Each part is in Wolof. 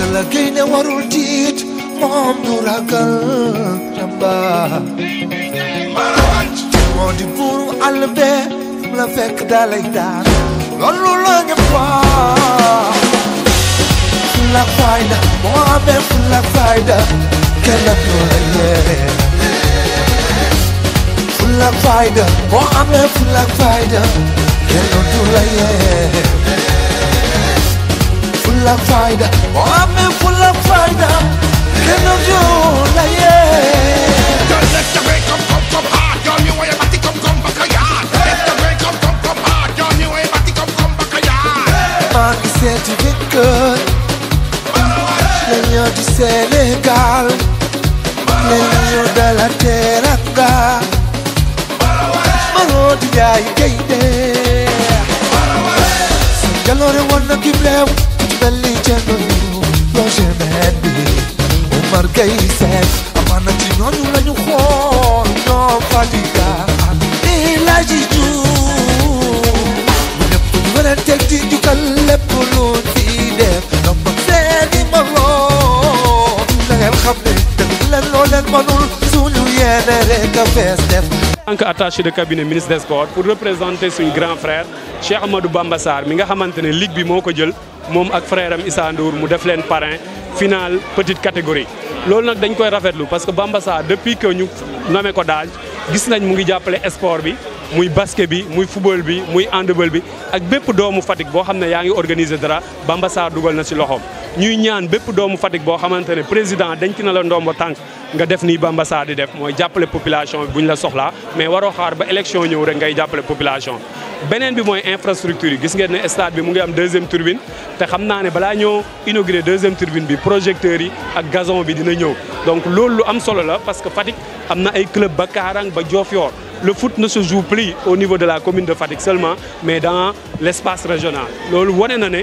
nga la gaynde warul moom du ragal ramba maraaj moo di buuru àll la fekk dalay daar loolu la ñëpp waa la fayda moo amee fu la fayda kenn du la yee fu la fayda moo amee fu la fayda kenn du la yee fulla fayda o amen fulla fayda keno jola ye Girl, let the way come, come, come hard Girl, you ain't about to come, come back a yard Let the way come, come, come hard Girl, you ain't about to come, come back a yard Ma ki se tu ve kër Le nyo di Senegal Le nyo de la teranga Maro di jayi gayde Jaloore won na ki blew هذا اللي جنونه يا شبابي عمر قيساس أمانة جنون ولا نخون يا خليقة إلا جيجو ونبتو ولا تجديد يقلب بلون في دم لما تاني مرة لا الخبر تغلل ولا المنور سولو يا نارك فاستف en tant qu'attaché de cabinet ministre des sports pour représenter suñu grand frère Cheikh Amadou Bamba mi nga xamante ne ligue bi moo ko jël moom ak frère am Issa Ndour mu def leen parrain finale petite catégorie. loolu nag dañ koy rafetlu parce que Bamba Sarr depuis que ñu nommé ko daal gis nañ mu ngi jàppale sport bi. muy basket bi muy football bi muy handball bi ak bépp doomu Fatick boo xam ne yaa ngi organiser dara Bamba Sarr dugal na ci loxoom. ñuy ñaan bépp doomu Fatick boo xamante ne président denc na la ndombo tànk nga def nii Bamba Sarr di def mooy jàppale population bi bu la soxla mais waroo xaar ba élection ñëw rek ngay jàppale population beneen bi mooy infrastructure yi gis ngeen ne stade bi mu ngi am deuxième turbine te xam naa ne balaa ñoo inauguré deuxième turbine bi projecteur yi ak gazon bi dina ñëw donc loolu lu am solo la parce que Fatick am na ay club ba Kaarang ba Diofior le foot ne se au niveau de la commune de Fatick seulement mais dans l' espace régional loolu wane na ne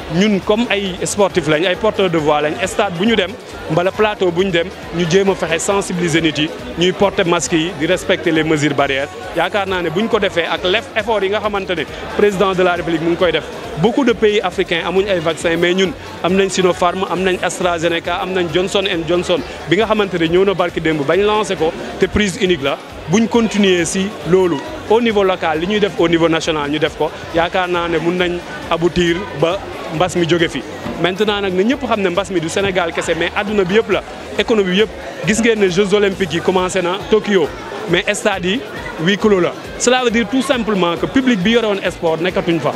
ñun comme ay sportif lañ ay porteur de voix lañ stade bu ñu dem mbala plateau bu ñu dem ñu jéem a fexe sensibiliser nit yi ñuy porter masque yi di respecter les mesures barrières yaakaar naa ne bu ñu ko defee ak lef effort yi nga xamante ne président de la république mu ngi koy def beaucoup de pays africains amuñ ay vaccin mais ñun am nañ Sinopharm am nañ AstraZeneca am nañ Johnson and Johnson bi nga xamante ne ñëw na barki démb ñu lancé ko te prise unique la buñ continuer si loolu au niveau local li ñuy def au niveau national ñu def ko yaakaar naa ne mun nañ aboutir ba mbas mi jóge fi maintenant nag na ñëpp xam ne mbas mi du Sénégal kese mais adduna bi yëpp la économie bi yëpp gis ngeen ne Jeux olympiques yi commencé na Tokyo mais stade yi huis clos la cela veut dire tout simplement que public bi yore woon sport nekkatuñ fa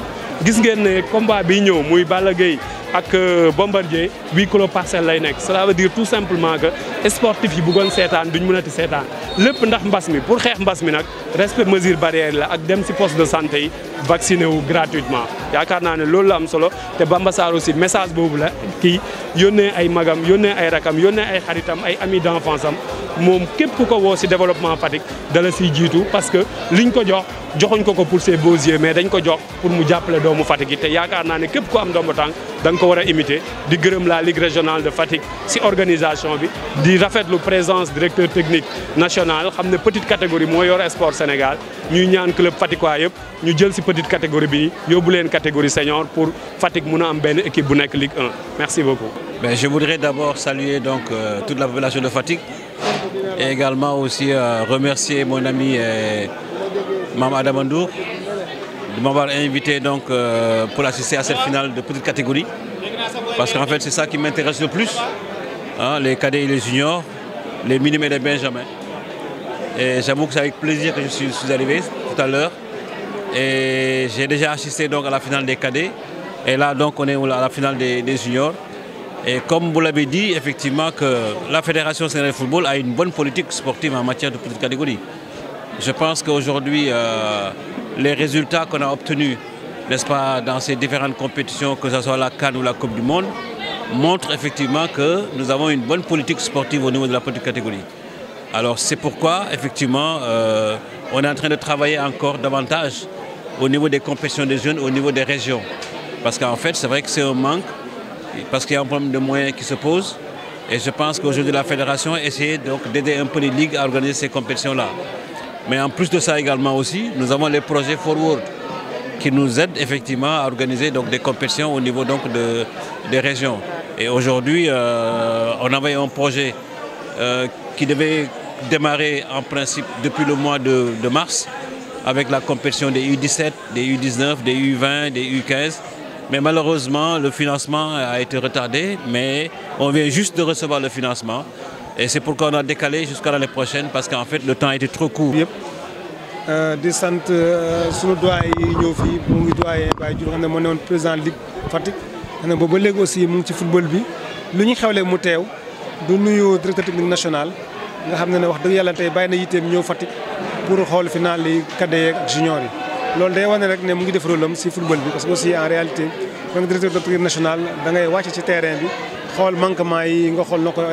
gis ngeen ne combat bi ñëw muy Balla Gaye ak euh, Bombardier huis clos Parcelles lay nekk cela veut dire tout simplement que sportif yi bëggoon seetaan duñ mënati seetaan lépp ndax mbas mi pour xeex mbas mi nag respect mesure barrière la ak dem ci poste de santé yi vacciné wu gratuitement yaakaar naa ne loolu la am solo te Bamba Sarr aussi message boobu la kii yónnee ay magam yónnee ay rakam yónnee ay xaritam ay amis d'enfance am moom képp ku ko woo si développement Fatick dala siy jiitu parce que liñ ko jox joxuñ ko ko pour ses beaux mais dañ ko jox pour mu jàppale doomu Fatick yi te yaakaar naa ne képp ku am ndombo tànk da ko war a imiter di gërëm la Ligue régionale de Fatick si organisation bi di rafetlu présence directeur technique national xam ne petite catégorie moo yor sport Sénégal ñuy ñaan club fatickois yëpp ñu petite catégorie bi yóbbu leen catégorie senior pour Fatick mun am benn équipe bu nekk Ligue 1 merci beaucoup. Ben, je voudrais d'abord saluer donc euh, toute la population de Fatick et également aussi euh, remercier mon ami euh, Mam Adamandour de m'avoir invité donc euh, pour assister à cette finale de petite catégorie parce qu'en fait c'est ça qui m'intéresse le plus les cadets et les juniors les minimes et les benjamins et j'avoue que c'est avec plaisir que je suis arrivé tout à l'heure Et j'ai déjà assisté donc à la finale des cadets. Et là, donc, on est à la finale des, Et comme vous l'avez dit, que la Fédération sénégalaise de football a une bonne politique sportive en matière de petite catégorie. Je pense qu'aujourd'hui, euh, les résultats qu'on a obtenus, n'est-ce pas, dans ces différentes compétitions, que ce soit la Cannes ou la Coupe du Monde, montrent effectivement que nous avons une bonne politique sportive au niveau de la petite catégorie. c'est au niveau des compétitions des jeunes, au niveau des régions. Parce qu'en fait, c'est vrai que c'est un manque, parce qu'il y a un problème de moyens qui se pose. Et je pense qu'aujourd'hui, la fédération essaie donc d'aider un peu les ligues à organiser ces compétitions-là. Mais en plus de ça également aussi, nous avons les projets Forward qui nous aident effectivement à organiser donc, des compétitions au niveau donc, de, des régions. Et aujourd'hui, euh, on avait un projet euh, qui devait démarrer en principe depuis le mois de, de mars, avec la compétition des U17, des U19, des U20, des U15. Mais malheureusement, le financement a été retardé, mais on vient juste de recevoir le financement. Et c'est pourquoi on a décalé jusqu'à l'année prochaine, parce qu'en fait, le temps était trop court. Euh, di sant euh, sunu doyen yi ñëw fii mu ngi doyen Baye Diouf xam ne moo président Ligue Fatick xam ne boobu ba léegi aussi mu ngi ci football bi lu ñu xewlee mu teew du nuyu directeur technique national nga xam ne ne wax dëgg yàlla tey bàyyi na yitteem ñëw Fatick pour xool final yi cadets junior yi. loolu day wane rek ne mu ngi def rôle am si football bi parce que aussi en réalité kon directeur de tournée nationale da ngay wàcc ci terrain bi xool manquement yi nga xool noo koy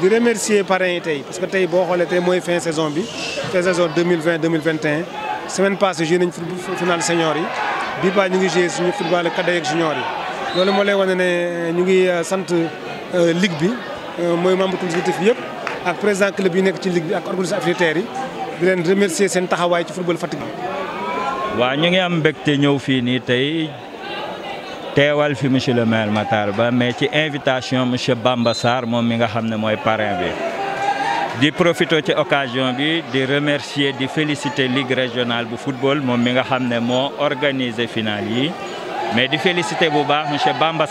di remercier parrains yi tey parce que tey boo xoolee tey mooy fin saison bi fin saison 2020 2021 semaine passée joué nañ final senior yi bii ba ñu ngi joué suñu football cadets yeeg junior yi. loolu moo lay wane ne euh, ñu ngi euh, sant euh, ligue bi mooy membre consultatif yëpp ak président club yi nekk ci ligue bi ak organisateurs affinitaires yi. di leen remercier seen taxawaay ci football Fatick waaw ñu ngi am mbégte ñëw fii nii tey teewal fi monsieur le maire Matar Ba mais ci invitation monsieur Bamba Sarr moom mi nga xam ne mooy parrain bi di profité ci occasion bi di remercier di féliciter ligue régional bu football moom mi nga xam ne moo organisé final yi mais di féliciter bu baax monsieur Bamba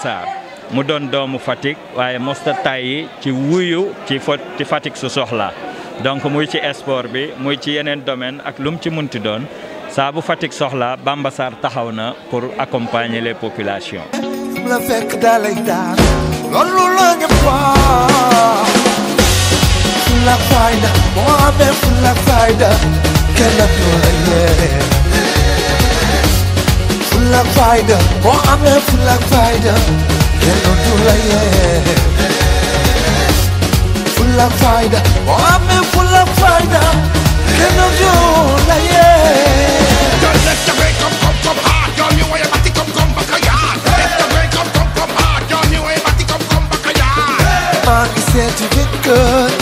mu doon doomu Fatick waaye mosta tàyyi ci wuyu ci Fatick su soxla donc muy ci sport bi muy ci yeneen domaine ak lu ci munti doon saa bu Fatick soxla Bamba taxaw na pour accompagner les populations. flag rider, oh I'm a flag rider, hello to the yeah. fulla fayda moo amee fulla fayda kenn du la yee maa ngi seeti jëkkër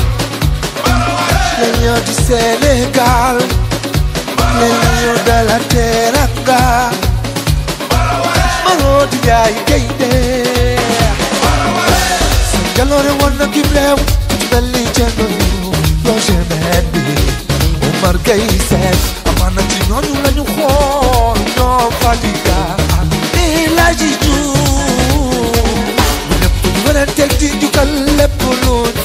la ñoo di Sénégal la ñoo dala teranga maroo di jaay gaynde sa jaloore woon na kim réew dalli jagalu yoo jemet bi Omar Gueye Seck amaana ci ñooñu lañu xool ñoo Fadiga El Hadji Diouf lépp lu leen teg di jugal lépp lu